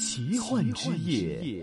奇幻之夜。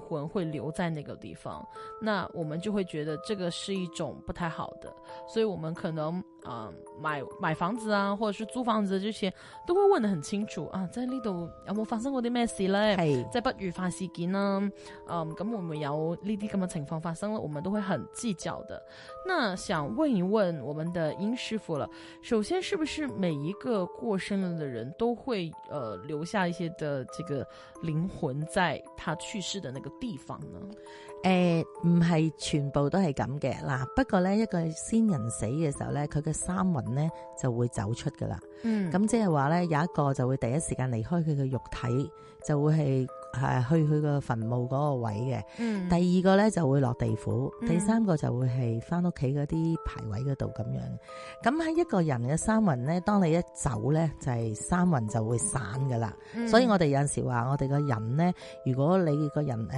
魂會留在那個地方，那我們就會覺得這個是一種不太好的，所以我們可能，啊、嗯，買買房子啊，或者是租房子之前，都會問得很清楚啊。在呢度有冇發生過啲咩事咧？即不愉快事件呢。嗯，咁、嗯、如果有呢啲咁嘅情況發生了，我們都會很計較的。那想問一問我們的殷師傅了，首先是不是每一個過生日的人都會，呃，留下一些的這個靈魂在他去世的那個地方呢？誒，唔係全部都係咁嘅。嗱，不過咧一個先人死嘅時候咧，佢嘅三魂咧就會走出噶啦，嗯，咁即係話咧有一個就會第一時間離開佢嘅肉體，就會係。係去佢個墳墓嗰個位嘅、嗯，第二個咧就會落地府，第三個就會係翻屋企嗰啲牌位嗰度咁樣。咁喺一個人嘅三魂咧，當你一走咧，就係、是、三魂就會散噶啦、嗯。所以我哋有陣時話，我哋個人咧，如果你個人誒、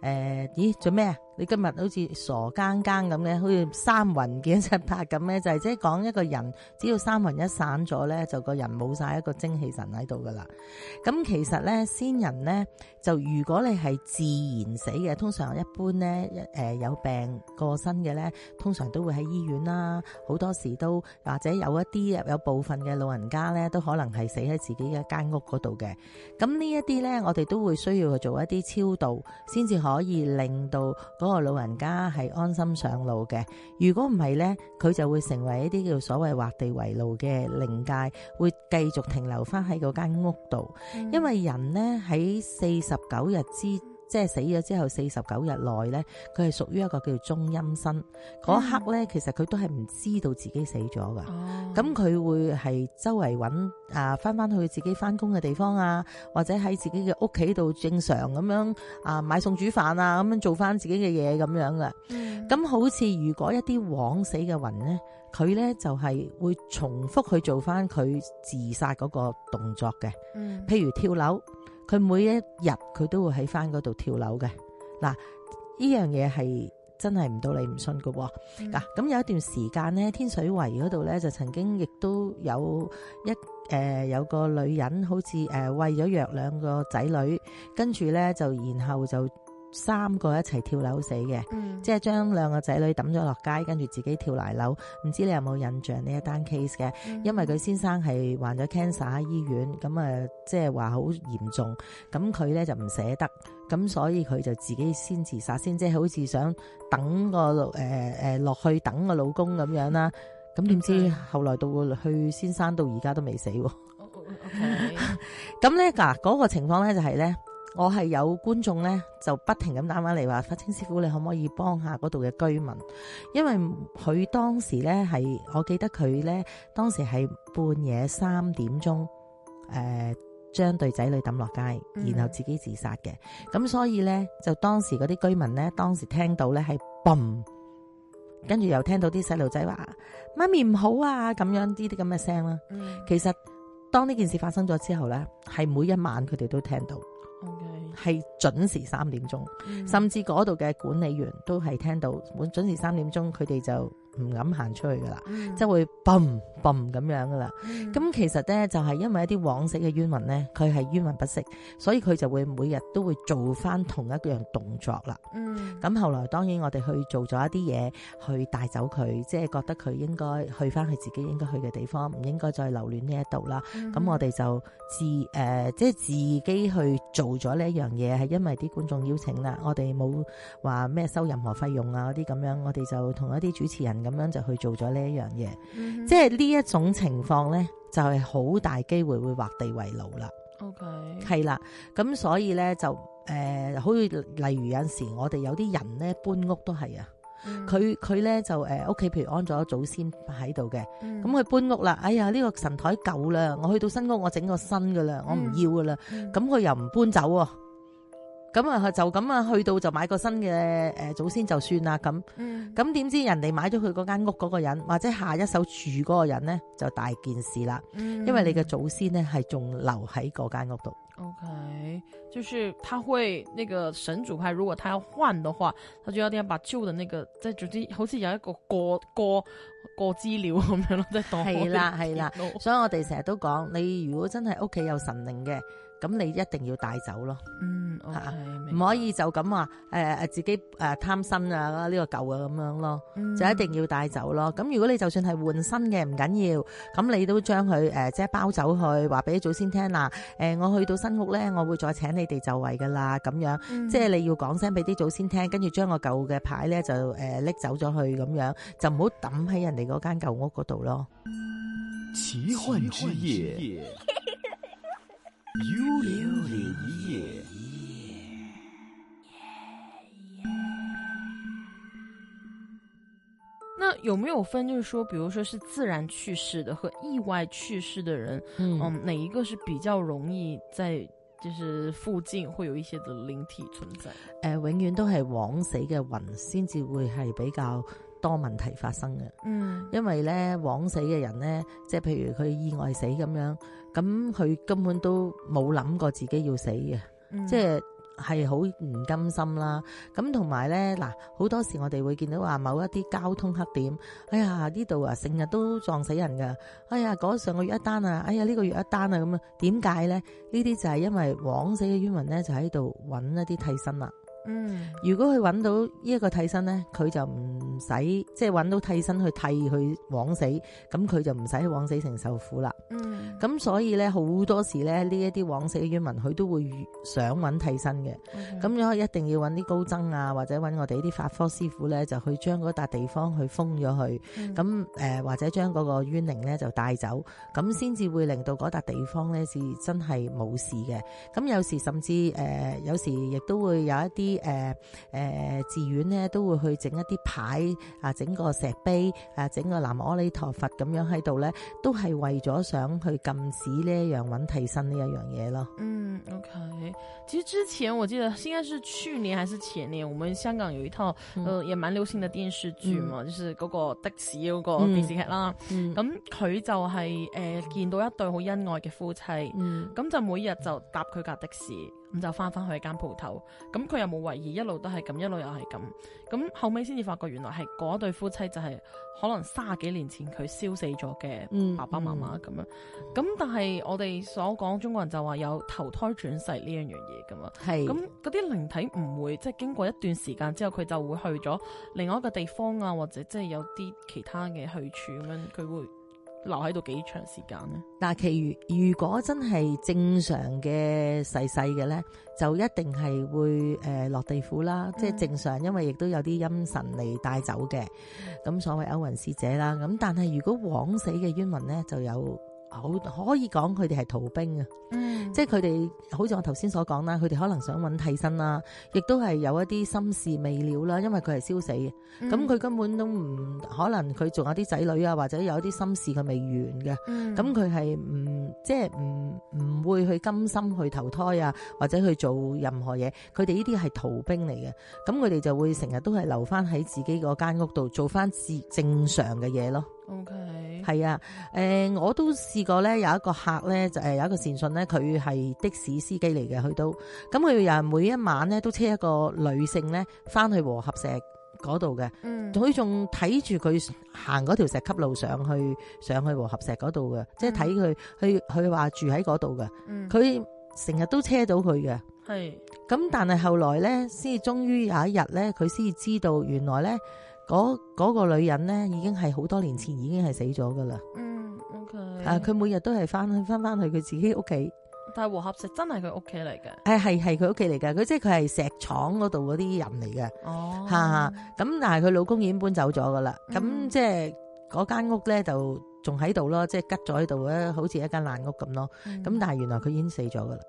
呃、誒，咦做咩啊？你今日好似傻更更咁呢，好似三魂嘅七魄咁咧，就係即係講一個人，只要三魂一散咗咧，就個人冇曬一個精氣神喺度噶啦。咁其實咧，先人咧，就如果你係自然死嘅，通常一般咧，有病過身嘅咧，通常都會喺醫院啦。好多時都或者有一啲有部分嘅老人家咧，都可能係死喺自己嘅間屋嗰度嘅。咁呢一啲咧，我哋都會需要去做一啲超度，先至可以令到。嗰、那個老人家係安心上路嘅。如果唔係呢，佢就會成為一啲叫所謂畫地為牢嘅靈界，會繼續停留返喺嗰間屋度。因為人呢，喺四十九日之中。即係死咗之後四十九日內咧，佢係屬於一個叫做中陰身。嗰、嗯、刻咧，其實佢都係唔知道自己死咗噶。咁、哦、佢會係周圍揾啊，翻翻去自己翻工嘅地方啊，或者喺自己嘅屋企度正常咁樣啊買餸煮飯啊，咁樣做翻自己嘅嘢咁樣嘅。咁、嗯、好似如果一啲枉死嘅魂咧，佢咧就係、是、會重複去做翻佢自殺嗰個動作嘅、嗯。譬如跳樓。佢每一日佢都會喺翻嗰度跳樓嘅，嗱呢樣嘢係真係唔到你唔信㗎喎，嗱、嗯、咁、啊、有一段時間咧，天水圍嗰度咧就曾經亦都有一誒、呃、有個女人，好似誒餵咗藥兩個仔女，跟住咧就然後就。三個一齊跳樓死嘅、嗯，即係將兩個仔女抌咗落街，跟住自己跳嚟樓。唔知你有冇印象呢一單 case 嘅？因為佢先生係患咗 cancer 喺醫院，咁啊，即係話好嚴重。咁佢咧就唔捨得，咁所以佢就自己先自殺先，即係好似想等個、呃、落去等個老公咁樣啦。咁、嗯、點知、嗯、後來到去先生到而家都未死喎。咁咧嗱，嗰、嗰個情況咧就係咧。我係有觀眾咧，就不停咁打返嚟話：發青師傅，你可唔可以幫下嗰度嘅居民？因為佢當時咧係，我記得佢咧當時係半夜三點鐘，呃、將對仔女抌落街，然後自己自殺嘅。咁、嗯、所以咧，就當時嗰啲居民咧，當時聽到咧係嘣，跟住又聽到啲細路仔話：媽咪唔好啊！咁樣啲啲咁嘅聲啦、嗯。其實當呢件事發生咗之後咧，係每一晚佢哋都聽到。係準時三點鐘，甚至嗰度嘅管理員都係聽到，準時三點鐘，佢哋就唔敢行出去噶啦，即、mm-hmm. 係會嘣嘣咁樣噶啦。咁、mm-hmm. 其實咧就係、是、因為一啲往昔嘅冤魂咧，佢係冤魂不息，所以佢就會每日都會做翻同一樣動作啦。咁、mm-hmm. 後來當然我哋去做咗一啲嘢去帶走佢，即、就、係、是、覺得佢應該去翻佢自己應該去嘅地方，唔應該再留戀呢一度啦。咁、mm-hmm. 我哋就自誒即係自己去做咗呢一樣嘢，係因為啲觀眾邀請啦，我哋冇話咩收任何費用啊啲咁樣，我哋就同一啲主持人。咁樣就去做咗呢一樣嘢，即係呢一種情況咧，就係、是、好大機會會畫地為牢啦。OK，係啦，咁所以咧就誒、呃，好似例如有陣時我哋有啲人咧搬屋都係啊，佢佢咧就誒屋企譬如安咗祖先喺度嘅，咁、嗯、佢搬屋啦，哎呀呢、這個神台舊啦，我去到新屋我整個新噶啦，我唔要噶啦，咁、嗯、佢又唔搬走、啊。咁、嗯、啊，就咁啊，去到就買個新嘅誒，祖先就算啦。咁咁點知人哋買咗佢嗰間屋嗰個人，或者下一手住嗰個人咧，就大件事啦、嗯。因為你嘅祖先咧係仲留喺嗰間屋度。OK，就是他會那個神主牌，如果他要換的話，他就要點樣把舊的那個，即係總之，好似有一個過過過資料咁樣咯。係啦係啦，啦 所以我哋成日都講，你如果真係屋企有神靈嘅，咁你一定要帶走咯。嗯吓，唔可以就咁話誒誒自己誒貪新啊呢，這個舊啊咁樣咯，嗯，就一定要帶走咯。咁如果你就算係換新嘅唔緊要，咁你都將佢誒即係包走去，話俾啲祖先聽啦。誒、呃，我去到新屋咧，我會再請你哋就位噶啦，咁樣、嗯、即係你要講聲俾啲祖先聽，跟住將個舊嘅牌咧就誒拎、呃、走咗去，咁樣就唔好抌喺人哋嗰間舊屋嗰度咯。奇 那有沒有分，就是說，比如說是自然去世的和意外去世的人，嗯，呃、哪一個是比較容易在就是附近會有一些的靈體存在？誒、呃，永遠都係枉死嘅魂先至會係比較多問題發生嘅。嗯，因為咧枉死嘅人咧，即係譬如佢意外死咁樣，咁佢根本都冇諗過自己要死嘅、嗯，即係。係好唔甘心啦，咁同埋咧，嗱好多時我哋會見到話某一啲交通黑點，哎呀呢度啊成日都撞死人噶，哎呀嗰上個月一單啊，哎呀呢個月一單啊咁啊，點解咧？呢啲就係因為枉死嘅冤魂咧，就喺度揾一啲替身啦。嗯，如果佢揾到呢一個替身咧，佢就唔。唔使即係揾到替身去替佢枉死，咁佢就唔使枉死城受苦啦。嗯，咁所以咧，好多時咧，呢一啲枉死嘅冤民，佢都會想揾替身嘅。咁、mm-hmm. 如果一定要揾啲高僧啊，或者揾我哋啲法科師傅咧，就去將嗰笪地方去封咗佢，咁、mm-hmm. 誒、呃、或者將個冤靈咧就帶走，咁先至會令到嗰笪地方咧是真係冇事嘅。咁有時甚至誒、呃，有時亦都會有一啲誒誒寺院咧都會去整一啲牌。啊！整個石碑啊，整個南無阿彌陀佛咁樣喺度咧，都係為咗想去禁止呢一樣揾替身呢一樣嘢咯。嗯，OK。其實之前我記得，現在是去年還是前年，我們香港有一套，嗯、呃，也蠻流行的電視劇嘛、嗯，就是嗰個的士嗰個電視劇啦。咁、嗯、佢、嗯、就係、是、誒、呃、見到一對好恩愛嘅夫妻，咁、嗯、就每日就搭佢架的士。咁就翻翻去一間鋪頭，咁佢又冇懷疑，一路都係咁，一路又係咁，咁後尾先至發覺原來係嗰對夫妻就係可能三十幾年前佢燒死咗嘅爸爸媽媽咁樣。咁、嗯嗯、但係我哋所講中國人就話有投胎轉世呢樣嘢咁樣係，咁嗰啲靈體唔會即係經過一段時間之後佢就會去咗另外一個地方啊，或者即係有啲其他嘅去處咁樣佢會留喺度幾長時間咧？嗱，其餘如果真係正常嘅逝世嘅咧，就一定係會誒、呃、落地府啦，即、嗯、係正常，因為亦都有啲陰神嚟帶走嘅，咁所謂歐雲使者啦。咁但係如果枉死嘅冤魂咧，就有。好可以講佢哋係逃兵啊，嗯，即係佢哋好似我頭先所講啦，佢哋可能想揾替身啦，亦都係有一啲心事未了啦，因為佢係燒死嘅，咁、嗯、佢根本都唔可能，佢仲有啲仔女啊，或者有一啲心事佢未完嘅，咁佢係唔即係唔唔會去甘心去投胎啊，或者去做任何嘢，佢哋呢啲係逃兵嚟嘅，咁佢哋就會成日都係留翻喺自己嗰間屋度做翻自己正常嘅嘢咯。O K，係啊，誒、呃，我都試過咧，有一個客咧，就誒有一個善信咧，佢係的士司機嚟嘅。佢都咁佢又係每一晚咧都車一個女性咧翻去和合石嗰度嘅，嗯，佢仲睇住佢行嗰條石級路上去，上去和合石嗰度嘅，即係睇佢去佢話住喺嗰度嘅，嗯，佢成日都車到佢嘅，係，咁但係後來咧先至終於有一日咧，佢先至知道原來咧。嗰嗰、那個女人咧，已經係好多年前已經係死咗噶啦。嗯，OK。啊，佢每日都係翻翻翻去佢自己屋企。但係和合石真係佢屋企嚟嘅。誒、哎，係係佢屋企嚟嘅。佢即係佢係石廠嗰度嗰啲人嚟嘅。哦。吓、啊，咁但係佢老公已經搬走咗噶啦。咁、嗯、即係嗰間屋咧就。仲喺度咯，即係吉咗喺度咧，好似一間爛屋咁咯。咁、嗯、但係原來佢已經死咗噶啦。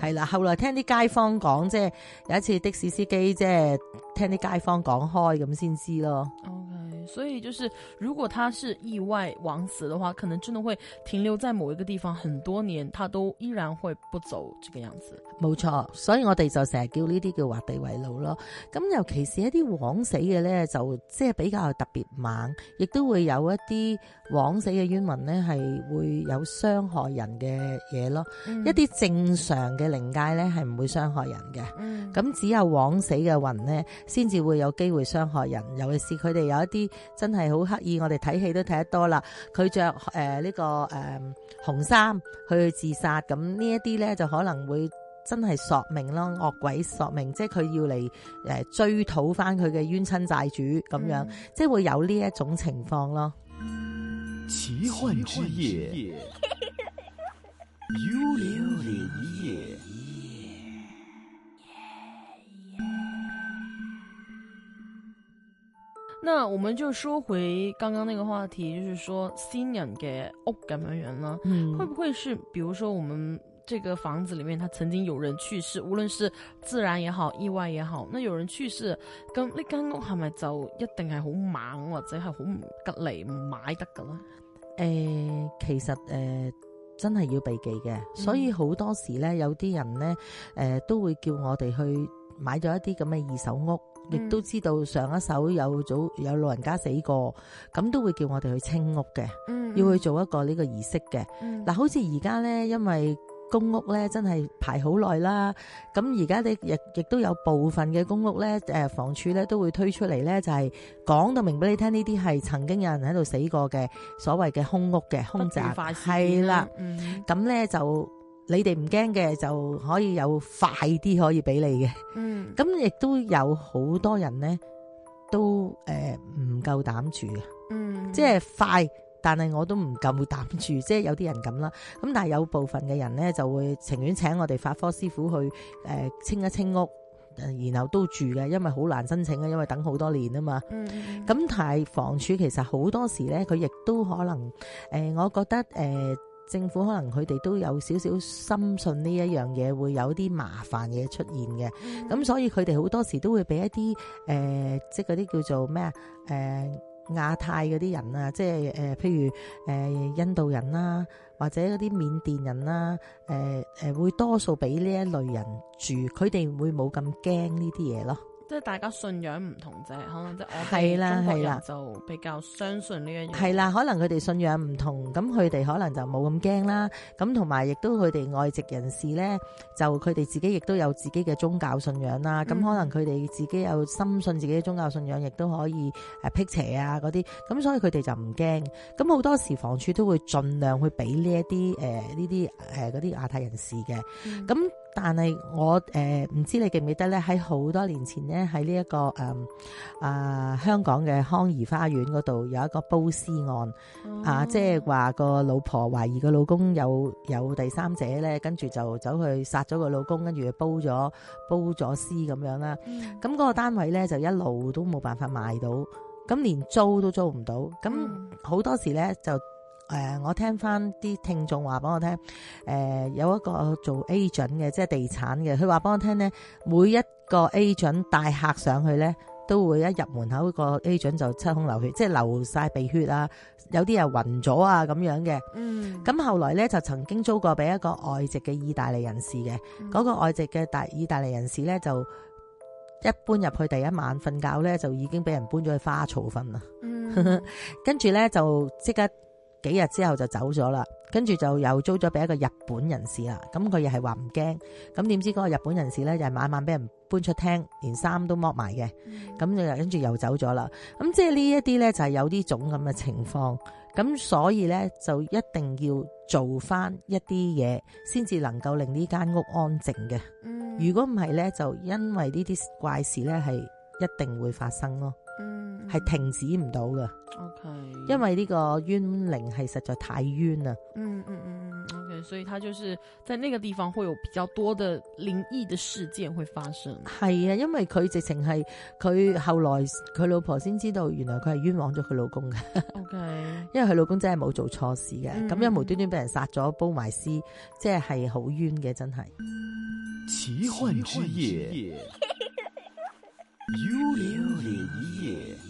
係、okay. 啦，後來聽啲街坊講，即係有一次的士司機即係聽啲街坊講開咁先知咯。Okay. 所以就是，如果他是意外枉死的話，可能真的會停留在某一個地方很多年，他都依然會不走這個樣子。冇錯，所以我哋就成日叫呢啲叫畫地為牢咯。咁尤其是一啲枉死嘅咧，就即係比較特別猛，亦都會有一啲枉死嘅冤魂咧係會有傷害人嘅嘢咯。嗯、一啲正常嘅靈界咧係唔會傷害人嘅。咁、嗯、只有枉死嘅魂咧，先至會有機會傷害人。尤其是佢哋有一啲。真係好刻意，我哋睇戲都睇得多啦。佢着誒呢個誒、呃、紅衫去自殺，咁呢一啲咧就可能會真係索命咯，惡鬼索命，即係佢要嚟誒追討翻佢嘅冤親債主咁樣，嗯、即係會有呢一種情況咯。奇幻之夜， 幽靈夜。那我們就說回剛剛那個話題，就是說新人嘅屋咁樣樣啦，會不會是，比如說我們這個房子裏面，它曾經有人去世，無論是自然也好，意外也好，那有人去世，咁呢間屋係咪就一定係好猛或者係好唔吉利唔買得噶啦。誒、呃，其實誒、呃、真係要避忌嘅，所以好多時咧、嗯，有啲人咧誒、呃、都會叫我哋去買咗一啲咁嘅二手屋。亦、嗯、都知道上一手有早有老人家死過，咁都會叫我哋去清屋嘅、嗯嗯，要去做一個呢個儀式嘅。嗱、嗯啊，好似而家咧，因為公屋咧真係排好耐啦，咁而家啲亦亦都有部分嘅公屋咧，誒、呃、房署咧都會推出嚟咧，就係、是、講到明俾你聽，呢啲係曾經有人喺度死過嘅，所謂嘅空屋嘅空宅，係啦，咁咧、嗯嗯、就。你哋唔驚嘅就可以有快啲可以俾你嘅，咁亦都有好多人呢，都唔夠膽住、嗯、即係快，但係我都唔夠膽住，即係有啲人咁啦。咁但係有部分嘅人呢，就會情願請我哋法科師傅去、呃、清一清屋，呃、然後都住嘅，因為好難申請啊，因為等好多年啊嘛。咁、嗯、但係房署其實好多時呢，佢亦都可能、呃、我覺得、呃政府可能佢哋都有少少深信呢一樣嘢會有啲麻煩嘢出現嘅，咁所以佢哋好多時都會俾一啲誒、呃，即係嗰啲叫做咩啊？誒、呃、亞太嗰啲人啊，即係誒、呃、譬如誒、呃、印度人啦，或者嗰啲緬甸人啦，誒、呃、誒會多數俾呢一類人住，佢哋會冇咁驚呢啲嘢咯。即係大家信仰唔同啫，可能即係我哋中國人就比較相信呢樣嘢。係啦，可能佢哋信仰唔同，咁佢哋可能就冇咁驚啦。咁同埋亦都佢哋外籍人士咧，就佢哋自己亦都有自己嘅宗教信仰啦。咁、嗯、可能佢哋自己有深信自己嘅宗教信仰，亦都可以誒辟邪啊嗰啲。咁所以佢哋就唔驚。咁好多時房署都會盡量去俾呢一啲誒呢啲誒啲亞太人士嘅咁。嗯但係我誒唔、呃、知你記唔記得咧？喺好多年前咧，喺呢一個誒啊、嗯呃、香港嘅康怡花園嗰度有一個煲屍案，嗯、啊，即係話個老婆懷疑個老公有有第三者咧，跟住就走去殺咗個老公，跟住煲咗煲咗屍咁樣啦。咁、嗯、嗰個單位咧就一路都冇辦法賣到，咁連租都租唔到，咁好多時咧就。誒、呃，我聽翻啲聽眾話俾我聽，誒、呃、有一個做 agent 嘅，即係地產嘅，佢話俾我聽呢，每一個 agent 帶客上去呢，都會一入門口，個 agent 就七孔流血，即係流曬鼻血啊，有啲人暈咗啊咁樣嘅。嗯，咁後來呢，就曾經租過俾一個外籍嘅意大利人士嘅，嗰、嗯個外籍嘅大意大利人士呢，就一搬入去第一晚瞓覺呢，就已經俾人搬咗去花槽瞓啦。跟、嗯、住 呢，就即刻。幾日之後就走咗啦，跟住就又租咗俾一個日本人士啦。咁佢又係話唔驚，咁點知嗰個日本人士咧，又係晚晚俾人搬出廳，連衫都剝埋嘅。咁、嗯、就跟住又走咗啦。咁即係呢一啲咧，就係有呢種咁嘅情況。咁所以咧，就一定要做翻一啲嘢，先至能夠令呢間屋安靜嘅。如果唔係咧，就因為呢啲怪事咧，係一定會發生咯。嗯，係停止唔到嘅。O K。因為呢個冤靈係實在太冤啦，嗯嗯嗯嗯，OK，所以他就是在那個地方會有比較多的靈異嘅事件會發生。係啊，因為佢直情係佢後來佢老婆先知道，原來佢係冤枉咗佢老公嘅。 OK，因為佢老公真係冇做錯事嘅，咁、嗯、樣無端端俾人殺咗，煲埋屍，即係係好冤嘅，真係。此幻之夜， 幽靈夜。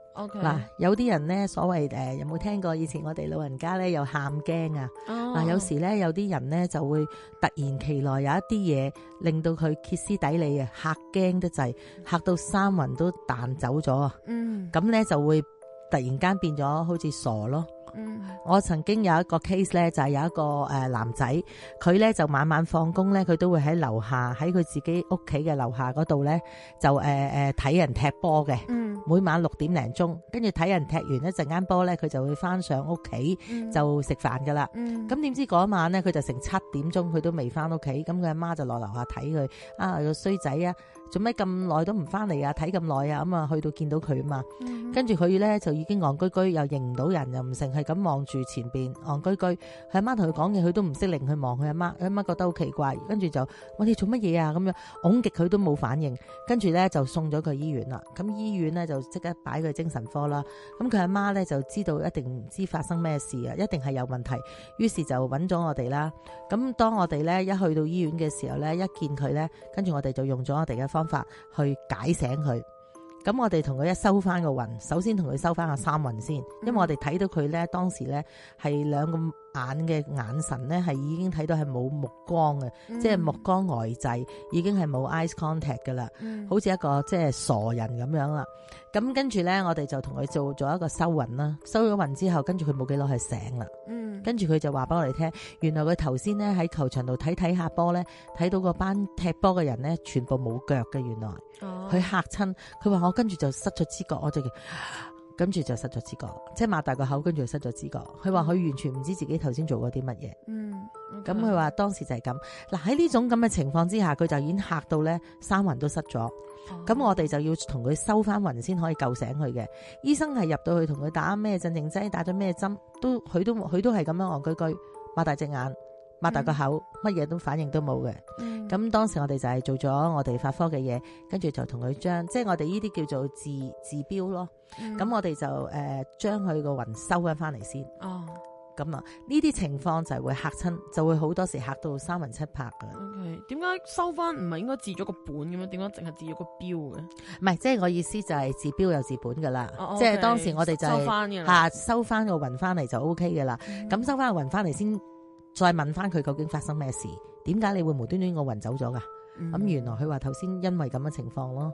嗱、okay，有啲人咧，所謂誒、啊，有冇聽過？以前我哋老人家咧，又喊驚啊！嗱、oh，有時咧，有啲人咧就會突然其來，有一啲嘢令到佢歇斯底里啊，嚇驚得滯，嚇到三魂都彈走咗啊！咁、mm. 咧就會突然間變咗好似傻咯～嗯，我曾經有一個 case 咧，就係有一個誒男仔，佢咧就晚晚放工咧，佢都會喺樓下喺佢自己屋企嘅樓下嗰度咧就誒誒睇人踢波嘅。嗯，每晚六點零鐘，跟住睇人踢完一陣間波咧，佢就會翻上屋企就食飯噶啦。嗯，咁點、嗯、知嗰晚咧，佢就成七點鐘，佢都未翻屋企，咁佢阿媽就落樓下睇佢，啊個衰仔啊！這個做咩咁耐都唔翻嚟啊？睇咁耐啊！咁啊去到見到佢啊嘛，mm-hmm. 跟住佢咧就已經戇居居，又認唔到人，又唔成係咁望住前邊戇居居。佢阿媽同佢講嘢，佢都唔識令佢望佢阿媽佢阿媽,媽覺得好奇怪，跟住就我哋做乜嘢啊？咁樣擁極佢都冇反應，跟住咧就送咗佢醫院啦。咁醫院咧就即刻擺佢精神科啦。咁佢阿媽咧就知道一定唔知發生咩事啊，一定係有問題，於是就揾咗我哋啦。咁當我哋咧一去到醫院嘅時候咧，一見佢咧，跟住我哋就用咗我哋嘅方法去解醒佢，咁我哋同佢一收翻個魂，首先同佢收翻個三魂先，因為我哋睇到佢咧當時咧係兩個眼嘅眼神咧係已經睇到係冇目光嘅、嗯，即係目光呆滯，已經係冇 eyes contact 噶啦，好似一個即係傻人咁樣啦。咁跟住咧，我哋就同佢做咗一個收魂啦，收咗魂之後，跟住佢冇幾耐係醒啦。跟住佢就話俾我哋聽，原來佢頭先咧喺球場度睇睇下波咧，睇到個班踢波嘅人咧全部冇腳嘅，原來，佢嚇親，佢話我跟住就失咗知覺，我就、啊、跟住就失咗知覺，即係擘大個口，跟住就失咗知覺，佢話佢完全唔知自己頭先做過啲乜嘢。嗯咁佢話當時就係咁，嗱，喺呢種咁嘅情況之下，佢就已經嚇到咧，三魂都失咗。咁、oh. 我哋就要同佢收翻魂先可以救醒佢嘅。醫生係入到去同佢打咩鎮靜劑，打咗咩針，都佢都佢都係咁樣戇居居，擘大隻眼，擘大個口，乜嘢都反應都冇嘅。咁、mm. 當時我哋就係做咗我哋法科嘅嘢，跟住就同佢將，即係我哋呢啲叫做治治標咯。咁、mm. 我哋就誒將佢個魂收翻翻嚟先。Oh. 咁啊，呢啲情況就係會嚇親，就會好多時嚇到三魂七魄噶。O K，點解收翻唔係應該治咗個本咁樣？點解淨係治咗個標嘅？唔係，即係我的意思就係治標又治本噶啦。Oh, okay, 即係當時我哋就吓收翻個魂翻嚟就 O K 噶啦。咁、嗯、收翻個魂翻嚟先，再問翻佢究竟發生咩事？點解你會無端端個魂走咗噶？咁、嗯、原來佢話頭先因為咁嘅情況咯。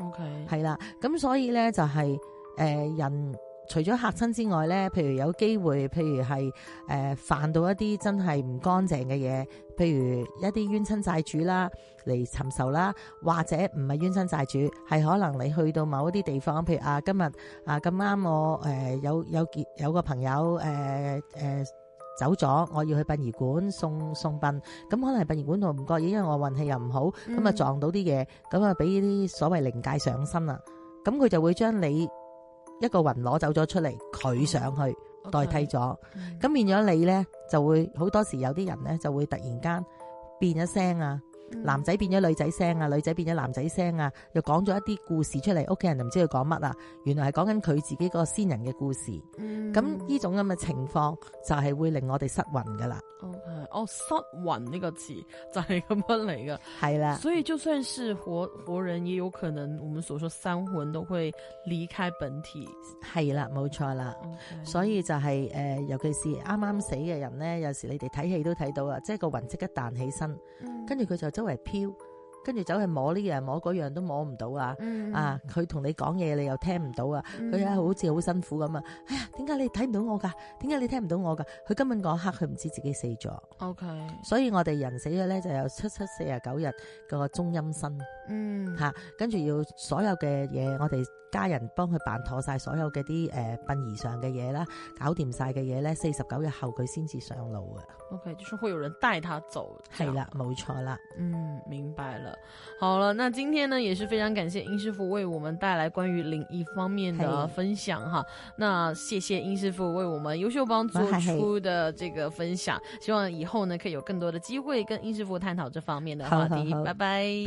O K，係啦。咁所以咧就係、是、誒、呃、人。除咗嚇親之外咧，譬如有機會，譬如係誒、呃、犯到一啲真係唔乾淨嘅嘢，譬如一啲冤親債主啦嚟尋仇啦，或者唔係冤親債主，係可能你去到某一啲地方，譬如啊，今日啊咁啱我誒有有有，有個朋友誒誒、呃呃、走咗，我要去殯儀館送送殯，咁可能係殯儀館度唔覺意，因為我運氣又唔好，咁、嗯、啊撞到啲嘢，咁啊俾呢啲所謂靈界上身啦，咁佢就會將你。一個雲攞走咗出嚟，佢上去代替咗，okay. Okay. 噉變咗你呢，就會好多時有啲人呢，就會突然間變咗聲啊！男仔變咗女仔聲啊，女仔變咗男仔聲啊，又講咗一啲故事出嚟，屋企人就唔知佢講乜啦。原來係講緊佢自己個先人嘅故事。咁、嗯、呢種咁嘅情況就係會令我哋失魂噶啦。哦，哦，失魂呢個詞就係咁樣嚟噶。係啦，所以就算是活活人，也有可能，我們所說生魂都會離開本體。係啦，冇錯啦。Okay. 所以就係、是、誒、呃，尤其是啱啱死嘅人咧，有時候你哋睇戲都睇到啦，即、就、係、是、個魂即刻彈起身，嗯、跟住佢就為飄，跟住走去摸呢樣摸嗰樣都摸唔到啊！啊，佢同你講嘢你又聽唔到啊！佢啊好似好辛苦咁啊！哎呀，點解你睇唔到我噶？點解你聽唔到我噶？佢根本嗰刻佢唔知自己死咗。O、okay. K，所以我哋人死咗咧，就有七七四十九日個中陰身。嗯、mm-hmm. 啊，吓，跟住要所有嘅嘢，我哋。家人幫佢辦妥晒所有嘅啲誒殯儀上嘅嘢啦，搞掂晒嘅嘢咧，四十九日後佢先至上路嘅、啊。OK，就是會有人帶他走。係啦，冇錯啦。嗯，明白了。好了，那今天呢也是非常感謝殷師傅為我們帶來關於靈異方面的分享哈。那謝謝殷師傅為我們優秀幫做出的這個分享，希望以後呢可以有更多的機會跟殷師傅探討這方面的話題。拜拜。拜拜。